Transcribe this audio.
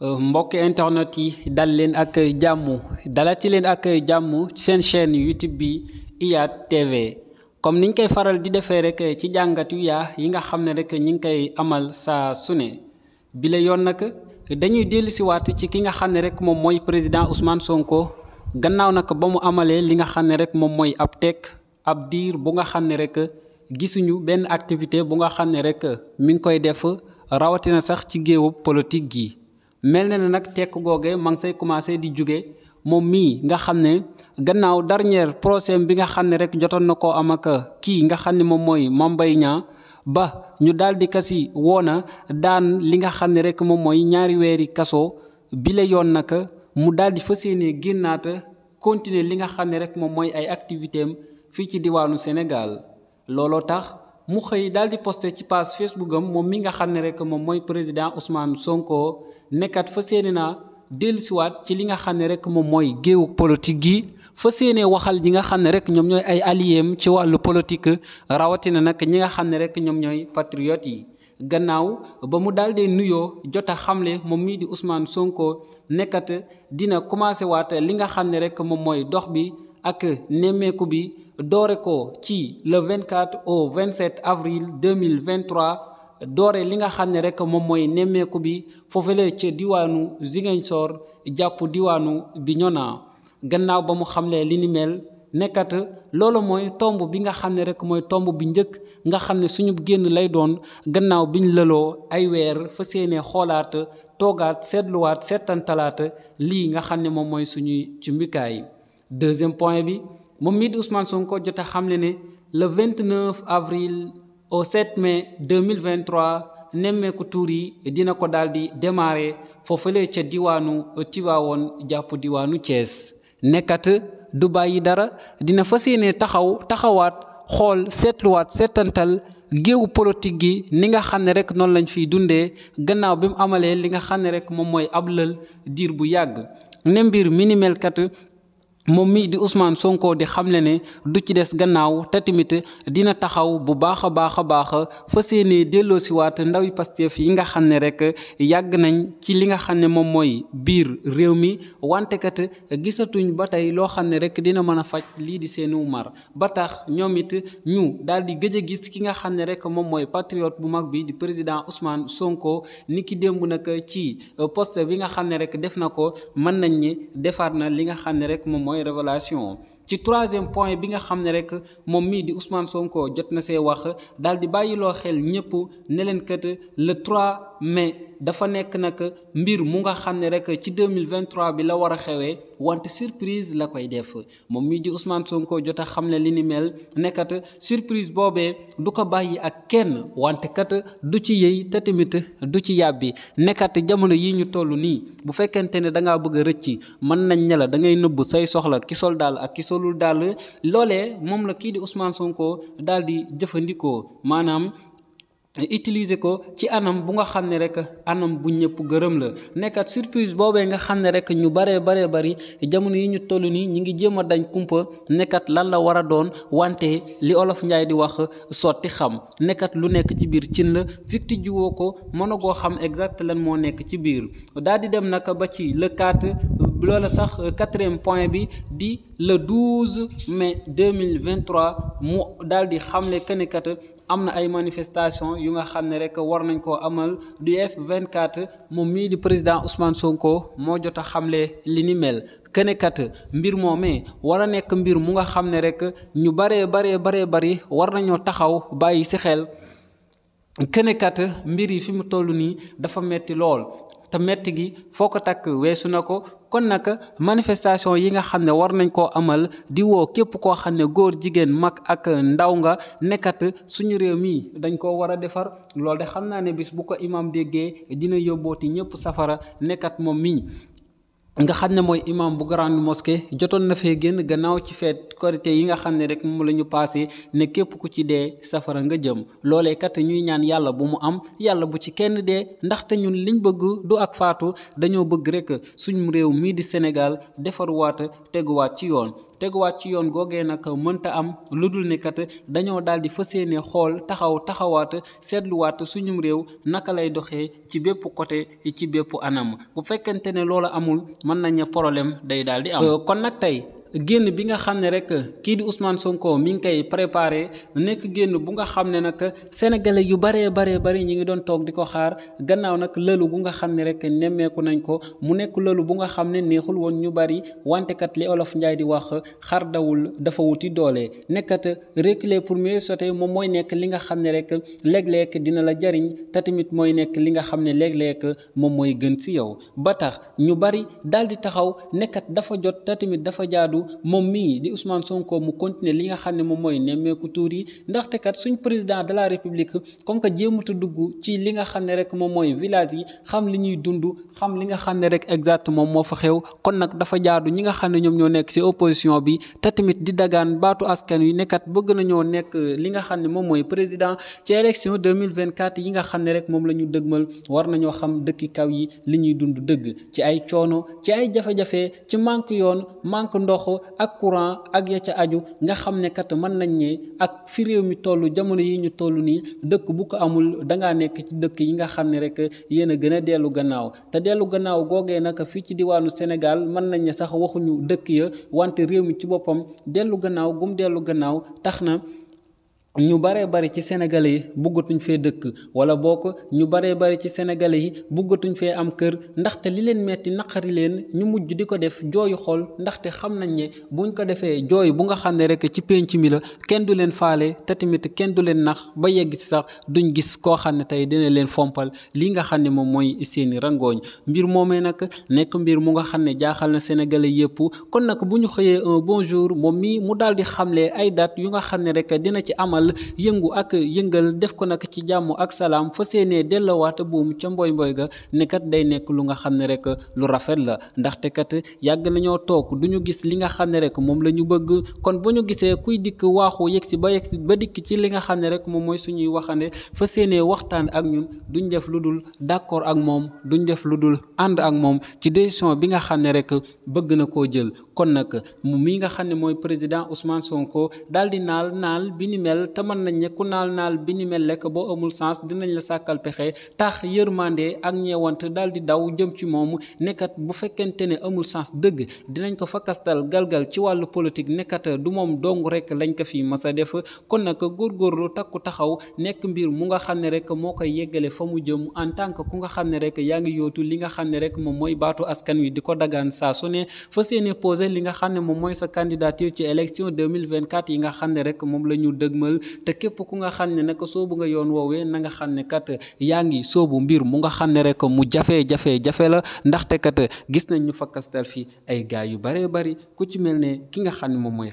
Euh, mbokk internet yi dal leen ak jàmm dalati leen ak jàmm ci seen chaîne YouTube bi IYAT TV comme niñ koy faral di defee rek ci jàngat yu yaa yi nga xam ne rek ñi ngi koy amal sa sune ne yoon nag dañuy dellusiwaat ci ki nga xam ne rek moom mooy président Ousmane Sonko gannaaw nag ba mu amalee li nga xam ne rek moom mooy ab tek ab diir bu nga xam ne rek gisuñu benn activité bu nga xam ne rek mi ngi koy def rawatina sax ci géewu politique gi. mel na ne nag tekk googe ma ngi say commencé di jóge moom mii nga xam ne gannaaw dernier procès bi nga xam ne rek jotoon na ko am ak kii nga xam ne moom mooy Mame Mbaye Niang ba ñu daal di kasi woona daan li nga xam ne rek moom mooy ñaari weeri kaso bile yoon nag mu daal di fas yéene génnaat continuer li nga xam ne rek moom mooy ay activité am fii ci diwaanu Sénégal looloo tax mu xëy daal di posté ci page Facebook moom mi nga xam ne rek moom mooy président Ousmane Sonko. nekkat fa seeni naa dellusiwaat ci li nga xam ne rek moom mooy géewu politique gi fa séenee waxal ji nga xam ne rek ñoom ñooy ay alliéem ci wàllu politique rawatina nag ñi nga xam ne rek ñoom ñooy patriotes yi gannaaw ba mu daal dee nuyoo jot a xamle moom mii di Ousmane Sonko nekkat dina commencé waat li nga xam ne rek moom mooy dox bi ak nemmeeku bi doore ko ci le 24 au 27 avril 2023 doore li nga xam ne rek moom mooy nemmeeku bi foofu foofale ca diwaanu Ziguinchor jàpp diwaanu bi ñoo Bignona gannaaw ba mu xamle li ni mel nekkat loolu mooy tomb bi nga xam ne rek mooy tomb bi njëkk nga xam ne suñu génn lay doon gannaaw biñ laloo ay weer fa séenee xoolaat toogaat seetluwaat talaata lii nga xam ne moom mooy suñuy cumbikaay deuxième point bi moom mii di Ousmane Sonko jot a xamle ne le 29 avril au 7 mai 2023 nemmeeku tuur yi dina ko daal di foofu foofale ca diwaanu Tiwaawoon jàpp diwaanu Thiès nekkat du bàyyi dara dina fa yéene taxaw taxawaat xool seetluwaat seetantal géewu politique gi ni nga xam ne rek noonu lañ fiy dundee gannaaw bi mu amalee li nga xam ne rek moom mooy ab lël diir bu yàgg ne mbir minimelkat moom mii di Ousmane Sonko di xam ne du ci des gannaaw te dina taxaw bu baax a baax a baax fas yéenee delloosiwaat ndawi Pastef yi nga xam ne rek yàgg nañ ci li nga xam ne moom mooy biir réew mi wante kat gisatuñ ba tey loo xam ne rek dina mën a faj lii di seeni mar ba tax ñoom it ñu daal di gëj a gis ki nga xam ne rek moom mooy patriote bu mag bi di président Ousmane Sonko ni ki démb nag ci poste bi nga xam ne rek def na ko mën nañ ñi defaat na li nga xam mooy révélation ci troisième point bi nga xam ne rek moom mii di Ousmane Sonko jot na see wax daal di bàyyiloo xel ñëpp ne leen kat mais dafa nekk nag mbir mu nga xam ne rek ci 2023 bi la war a xewee wante surprise la koy def moom mii di Ousmane Sonko jot a xam ne li ni mel nekkat surprise boobee du ko bàyyi ak kenn wante kat du ci yëy te du ci yàbbi nekkat jamono yi ñu toll nii bu fekkente ne da ngaa bëgg a rëcc mën nañ ne la da ngay nëbb say soxla ki sol daal ak ki solul daal loolee moom la kii di Ousmane Sonko daal di jëfandikoo maanaam utiliser ko ci anam bu nga xam ne rek anam bu ñëpp gërëm la nekkat surprise boobee nga xam ne rek ñu baree baree bari jamono yi ñu toll nii ñu ngi jéem a dañ kumpa nekkat lan la war a doon wante li olof njaay di wax sotti xam nekkat lu nekk ci biir cin la fikti jiwoo ko mën a goo xam exact lan moo nekk ci biir daal dem naka ba ci lëkkaat loola sax euh, quatrième point bi di le 12 mai 2023 mu daal di xamle ne am na ay manifestation yu nga xam ne rek war nañ koo amal du F24 moom mii di président Ousmane Sonko moo jot a xamle li ni mel kenekat mbir moomee war a nekk mbir mu nga xam ne rek ñu baree baree baree bari war nañoo taxaw bàyyi si xel kenekat mbir yi fi mu toll nii dafa metti lool te métti gi foo ko takk weesu na ko kon nag manifestation yi nga xam ne war nañ koo amal diwoo képp koo xam ne góor jigéen mag ak ndaw nga nekkat suñu réew mii dañ koo war a defar loolu de xam naa ne bis bu ko imaam déggee dina yóbbooti ñëpp safara nekkat moom mii nga xam ne mooy imam bu grande mosquée jotoon na fee génn gannaaw ci feet korité yi nga xam ne rek mu la ñu passé ne képp ku ci dee safara nga jëm loole kat ñuy ñaan yàlla bu mu am yàlla bu ci kenn dee ndaxte ñun liñ bëgg du ak faatu dañoo bëgg rek suñu réew mii di Sénégal defaruwaata teguwaat ci yoon teguwaat ci yoon googee nag mënta am lu dul ne kat dañoo daal di fas yéene xool taxaw taxawaat seetluwaat suñum réew naka lay doxee ci bépp côté ci bépp anam bu fekkente ne loolu amul mën nañ problème day daal di am euh, kon nag tey génn bi nga xam ne rek kii di Ousmane Sonko mi ngi koy préparé nekk génn bu nga xam ne nag sénégalais yu baree baree bari ñi ngi doon toog di ko xaar gannaaw nag lëlu bu nga xam ne rek nemmeeku nañ ko mu nekk lëlu bu nga xam ne neexul woon ñu bari wante kat li olof Njaay di wax xar dawul dafa wuti doole nekkat reculer pour mieux sauter moom mooy nekk li nga xam ne rek léeg dina la jariñ te mooy nekk li nga xam ne léeg moom mooy gën ci yow ba ñu bari daal dafa jot moom mii di Ousmane Sonko mu continuer li nga xam ne moom mooy nemmeeku tuur yi ndaxte kat suñ président de la république comme que jéemuta dugg ci li nga xam ne rek moom mooy village yi xam li ñuy dund xam li nga xam ne rek exactement moo fa xew kon nag dafa jaadu ñi nga xam ne ñoom ñoo nekk ci opposition bi te tamit di dagaan baatu askan wi nekkat bëgg nañoo nekk li nga xam ne moom mooy président ci élection 2024 yi nga xam ne rek moom dëgmal war nañoo xam dëkki kaw yi li ñuy dund dëgg ci ay coono ci ay jafe-jafe ci manque yoon manque ndox ak courant ak ya ca aju nga xam ne kat mën nañ ak fi réew mi tollu jamono yi ñu toll nii dëkk bu ko amul dangaa nekk ci dëkk yi nga xam ne rek yéen a gën a dellu gannaaw te dellu gannaaw googee nag fii ci diwaanu Sénégal mën nañ ne sax waxuñu dëkk ya wante réew mi ci boppam dellu gannaaw gum dellu gannaaw tax na ñu baree bari ci sénégalais yi bëggatuñ fee dëkk wala bokk ñu baree bari ci sénégalais yi bëggatuñ fee am kër ndaxte li leen metti naqari leen ñu mujj di ko def jooyu xool ndaxte xam nañ ne buñ ko defee jooy bu nga xam ne rek ci penc mi la kenn du leen faale te kenn du leen nax ba yegg ci sax duñ gis koo xam ne tey dina leen fompal li nga xam ne moom mooy seeni rangooñ mbir moomee nag nekk mbir mu nga xam ne jaaxal na sénégalais yëpp kon nag bu ñu mu daal di xamle ay date yu nga xam ne rek dina ci amal amal yëngu ak yëngal def ko nag ci jàmm ak salaam fa seenee dellawaata buum ca mboy mbooy ga ne kat day nekk lu nga xam ne rek lu rafet la ndaxte kat yàgg nañoo toog du ñu gis li nga xam ne rek moom la ñu bëgg kon bu ñu gisee kuy dikk waaxu yegg si ba yegg ba dikk ci li xam ne rek moom mooy suñuy waxande fa seenee waxtaan ak ñun duñ def lu dul d'accord ak moom duñ def lu dul ànd ak moom ci décision bi nga xam ne rek bëgg na koo jël kon nag mi nga xam ne mooy président Ousmane Sonko daal naal naal bi ni mel te mën nañ ne ku naal naal bi ni mel lekk boo amul sens dinañ la sàkkal pexe tax yërmande ak ñeewant daal di daw jëm ci moom nekkat bu fekkente ne amul sens dëgg dinañ ko fakastal galgal ci wàllu politique nekkat du moom dong rek lañ ko fi mës a def kon nag góorgóorlu takku taxaw nekk mbir mu nga xam ne rek moo koy yeggale fa mu jëm en tant que ku nga xam ne rek yaa ngi yootu li nga xam ne rek moom mooy baatu askan wi di ko dagaan saa su ne li nga ne moom mooy sa candidature ci élection 2024 yi nga xam rek moom la ñu dëgmal te képp ku nga xam ne nag soobu nga yoon woowee na nga xam ne kat yaa ngi soobu mbir mu nga xam ne rek mu jafe-jafe jafe la ndaxte kat gis nañ ñu fa fii ay gaay yu bare bari ku ci mel ne ki nga xam ne moom mooy